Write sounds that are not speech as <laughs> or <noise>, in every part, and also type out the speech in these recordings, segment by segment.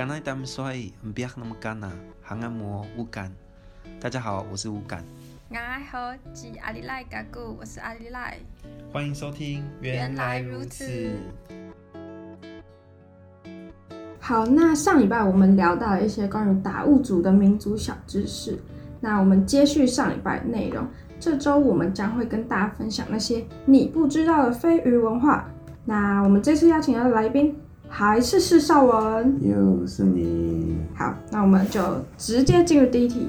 剛來，咱們衰，不要那麼幹吶，還按摩，烏干。大家好，我是烏干。我好是阿里賴加古，我是阿里賴。歡迎收聽，原來如此。好，那上禮拜我們聊到了一些關於達悟族的民族小知識，那我們接續上禮拜內容，這週我們將會跟大家分享那些你不知道的飛魚文化。那我們這次邀請到的來賓。還是是劭文，又是你。好，那我們就直接進入第一題。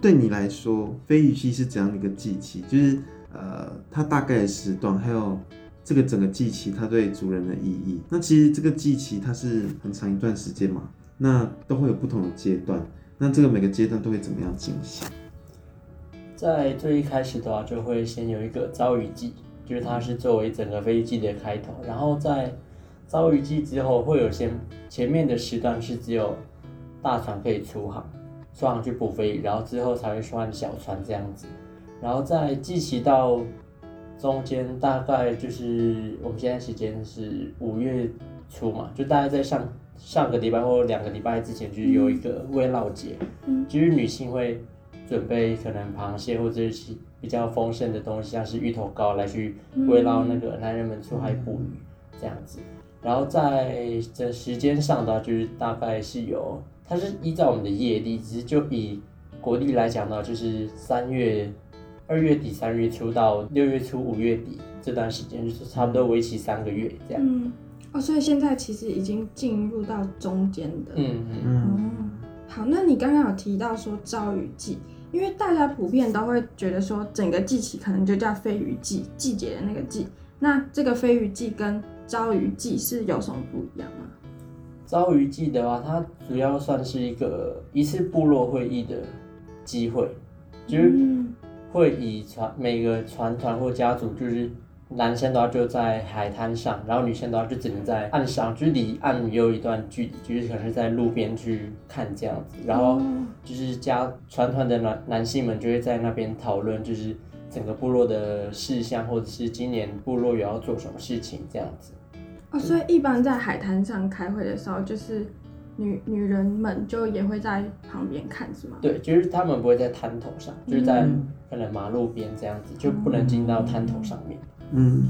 對你來說，飛魚季是怎樣的一個季期？就是呃，它大概的時段，還有這個整個季期它對族人的意義。那其實這個季期它是很長一段時間嘛，那都會有不同的階段。那這個每個階段都會怎麼樣進行？在最一開始的話，就會先有一個招魚祭。就是它是作為整個飛魚季的開頭，然後在招魚祭之後，會有些前面的時段是只有大船可以出航，出航去捕飛魚然後之後才會換小船這樣子。然後在季期到中間，大概就是我們現在時間是五月初嘛，就大概在上上個禮拜或兩個禮拜之前，就是有一個慰勞節，就是、嗯、女性會。準備可能螃蟹或者是比較豐盛的東西，像是芋頭糕來去慰勞那個男人,人們出海捕魚、嗯、這樣子。然後在這時間上的話就是大概是有，它是依照我們的業歷，只是就以國歷來講呢，就是三月二月底三月初到六月初五月底這段時間，就是差不多為期三個月這樣、嗯。哦，所以現在其實已經進入到中間的。嗯嗯嗯。嗯嗯好，那你剛剛有提到說招魚季。因為大家普遍都會覺得說，整個祭期可能就叫飛魚季季節的那個季。那這個飛魚季跟招魚季是有什麼不一樣嗎？招魚季的話，它主要算是一個一次部落會議的機會，就是會以船每個船團或家族就是。男生的話就在海灘上，然後女生的話就只能在岸上，就是離岸也有一段距離，就是可能是在路邊去看這樣子。然後就是加船團的男男性們就會在那邊討論，就是整個部落的事項，或者是今年部落也要做什麼事情這樣子。哦，所以一般在海灘上開會的時候，就是女女人們就也會在旁邊看是嗎？對，就是他們不會在灘頭上，就是在可能馬路邊這樣子，就不能進到灘頭上面。嗯，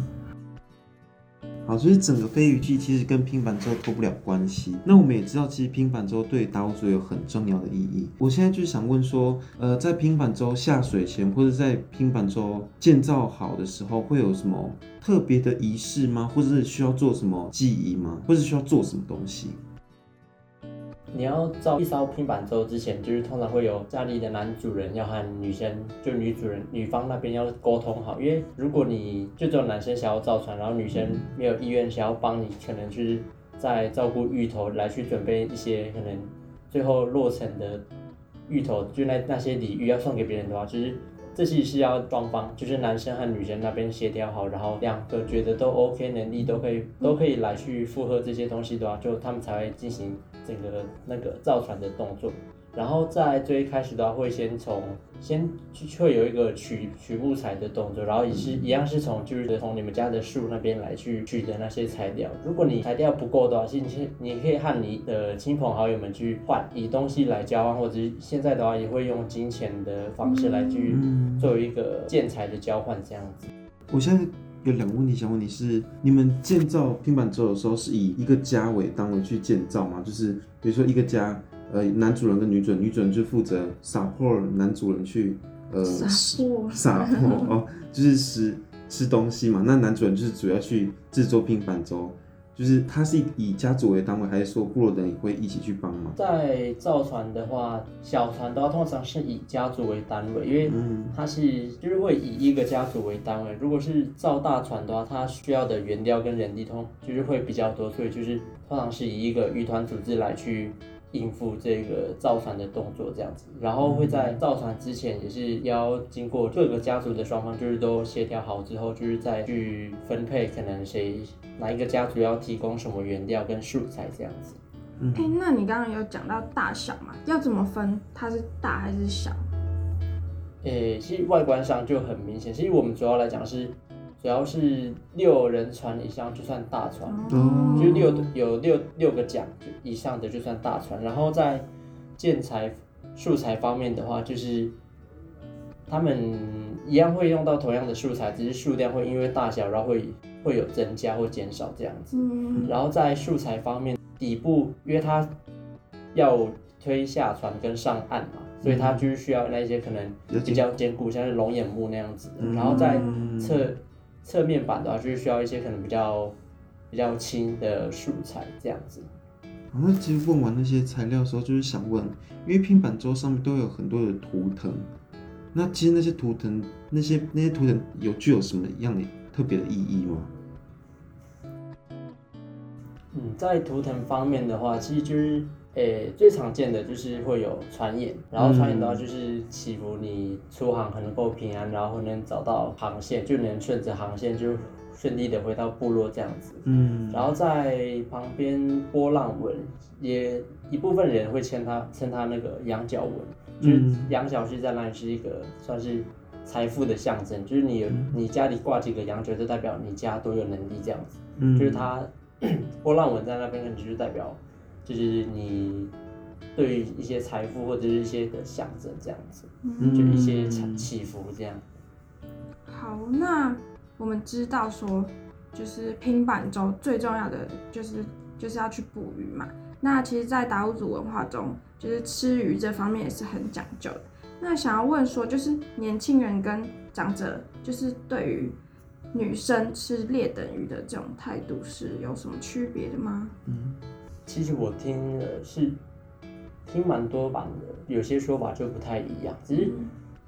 好，所以整個飛魚祭其實跟拼板舟脫不了關係。那我們也知道，其實拼板舟對達悟族有很重要的意義。我現在就是想問說，呃，在拼板舟下水前，或者在拼板舟建造好的時候，會有什麼特別的儀式嗎？或者是需要做什麼祭儀嗎？或者需要做什麼東西？你要造一艘拼板舟之前，就是通常會有家裡的男主人要和女生，就女主人女方那邊要溝通好，因為如果你就只有男生想要造船，然後女生沒有意願想要幫你，可能就是在照顧芋頭來去準備一些，可能最後落成的芋頭，就那那些禮遇要送給別人的話，其實。這些是要雙方，就是男生和女生那邊協調好，然後兩個覺得都 OK，能力都可以，都可以來去負荷這些東西的話，啊，就他們才會進行這個那個造船的動作。然後在最開始的話，會先從先去會有一個取取木材的動作，然後也是一樣是從就是從你們家的樹那邊來去取得那些材料。如果你材料不夠的話，是你可以和你的親朋好友們去換，以東西來交換，或者是現在的話也會用金錢的方式來去作為一個建材的交換這樣子。我現在有兩個問題想問你：是你們建造拼板舟的時候是以一個家為單位去建造嗎？就是比如說一個家。呃，男主人跟女主人，女主人就負責撒貨，男主人去，呃，撒貨，哦，就是吃吃東西嘛。那男主人就是主要去製作拼板舟。就是他是以家族為單位，還是說部落的人會一起去幫忙？在造船的話，小船的話通常是以家族為單位，因為嗯，它是就是會以一個家族為單位。嗯，如果是造大船的話，它需要的原料跟人力通就是會比較多，所以就是通常是以一個漁團組織來去應付這個造船的動作這樣子，然後會在造船之前也是要經過各個家族的雙方，就是都協調好之後，就是再去分配可能誰哪一個家族要提供什麼原料跟素材這樣子。嗯。欸，那你剛剛有講到大小嘛，要怎麼分？它是大還是小？誒、欸，其實外觀上就很明顯。其實我們主要來講是。主要是六人船以上就算大船，Oh. 就六有六六個槳以上的就算大船。然後在建材素材方面的話，就是他們一樣會用到同樣的素材，只是數量會因為大小，然後會會有增加或減少這樣子。Mm. 然後在素材方面，底部因為它要推下船跟上岸嘛，所以它就是需要那些可能比較堅固，像是龍眼木那樣子。然後在側。側面板的話，就是需要一些可能比較比較輕的素材這樣子，啊。那其實問完那些材料的時候，就是想問，因為拼板舟上面都有很多的圖騰，那其實那些圖騰，那些那些圖騰有具有什麼樣的特別的意義嗎？嗯，在圖騰方面的話，其實就是。誒、欸，最常見的就是會有船眼，然後船眼的話就是祈福你出航很能夠平安，然後能找到航線，就能順着航線就順利的回到部落這樣子。嗯，然後在旁邊波浪紋，也一部分人會稱他稱他那個羊角紋，嗯、就是羊角是在那裡是一個算是財富的象徵，就是你、嗯、你家裡掛幾個羊角，就代表你家多有能力這樣子。嗯、就是它波 <coughs> 浪紋在那邊，可能就是代表，就，就是你對一些財富或者是一些的象徵這樣子，嗯、就一些起伏這樣。好，那我們知道說，就是拼板舟最重要的就是就是要去捕魚嘛。那其實，在達悟族文化中，就是吃魚這方面也是很講究。那想要問說，就是年輕人跟長者，就是對於女生吃劣等魚的這種態度是有什麼區別的嗎？嗯。其實我聽了是聽蠻多版的，有些說法就不太一樣。其實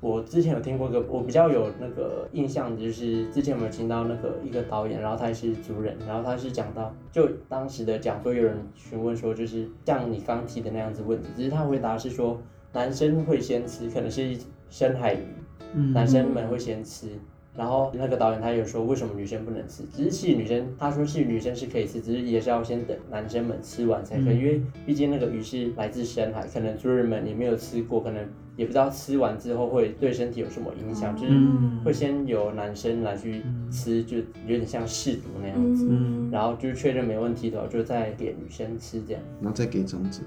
我之前有聽過一個，我比較有那個印象，就是之前我們有聽到那個一個導演，然後他也是族人，然後他是講到，就當時的講座有人詢問說，就是像你剛提的那樣子問題，只是他回答是說，男生會先吃，可能是深海魚，男生們會先吃。然後那個導演他有說，為什麼女生不能吃？其實女生他說，其實女生是可以吃，只是也是要先等男生們吃完才可以，嗯、因為畢竟那個魚是來自深海，可能族人們也沒有吃過，可能也不知道吃完之後會對身體有什麼影響，嗯、就是會先由男生來去吃，就有點像試毒那樣子，嗯、然後就是確認沒問題的話，就再給女生吃這樣，然後再給種子。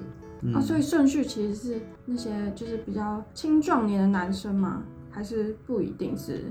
嗯、啊，所以順序其實是那些就是比較青壯年的男生嘛，還是不一定是？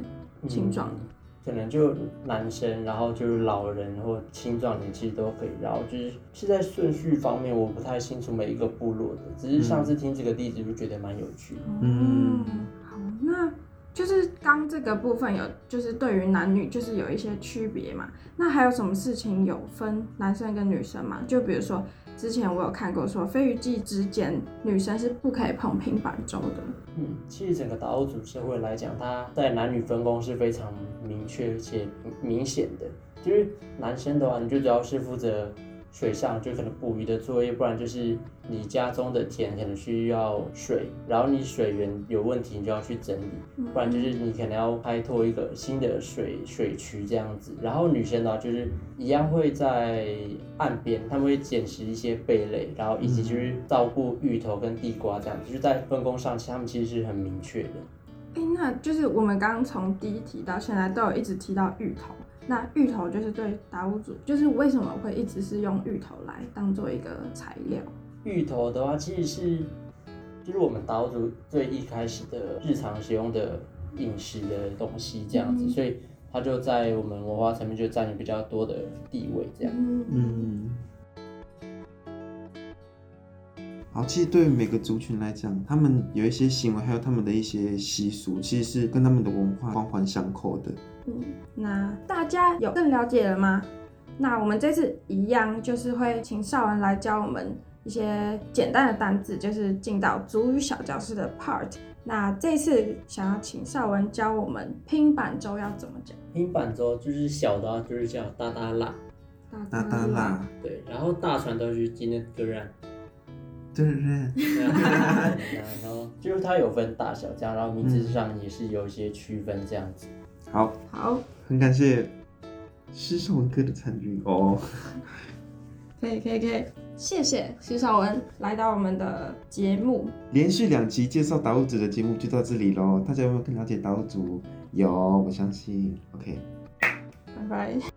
青壯、嗯，可能就男生，然後就是老人或青壯年其實都可以。然後就是是在順序方面，我不太清楚每一個部落的，只是上次聽這個例子就覺得蠻有趣的。嗯，嗯好，那就是剛這個部分有就是對於男女就是有一些區別嘛？那還有什麼事情有分男生跟女生嘛？就比如說。之前我有看過說，說飛魚季之間女生是不可以碰拼板舟的。嗯，其實整個島主社會來講，他在男女分工是非常明確且明顯的，就是男生的話，你就主要是負責。水上就可能捕魚的作業，不然就是你家中的田可能需要水，然後你水源有問題，你就要去整理，不然就是你可能要開拓一個新的水水渠這樣子。然後女生呢，就是一樣會在岸邊，他們會撿拾一些貝類，然後以及就是照顧芋頭跟地瓜這樣子，就在分工上，其實他們其實是很明確的。哎，那就是我們剛剛從第一題到現在都有一直提到芋頭。那芋頭就是對達悟族，就是為什麼會一直是用芋頭來當做一個材料？芋頭的話，其實是就是我們達悟族最一開始的日常使用的飲食的東西這樣子，嗯、所以它就在我們文化層面就佔有比較多的地位這樣子。嗯。嗯好，其實對於每個族群來講，他們有一些行為，還有他們的一些習俗，其實是跟他們的文化環環相扣的。嗯，那大家有更了解了嗎？那我們這次一樣，就是會請劭文來教我們一些簡單的單字，就是進到族語小教室的 part。那這次想要請劭文教我們拼板舟要怎麼講？拼板舟就是小的，就是叫噠噠啦，噠噠啦，對，然後大船都是今天 n t 對對對、啊， <laughs> 就是它有分大小這樣，然後名字上也是有一些區分這樣子。好，好，很感謝施劭文哥的參與哦。可以，可以，可以，謝謝施劭文來到我們的節目。連續兩集介紹島主的節目就到這裡嘍，大家有沒有更了解島主？有，我相信。OK，拜拜。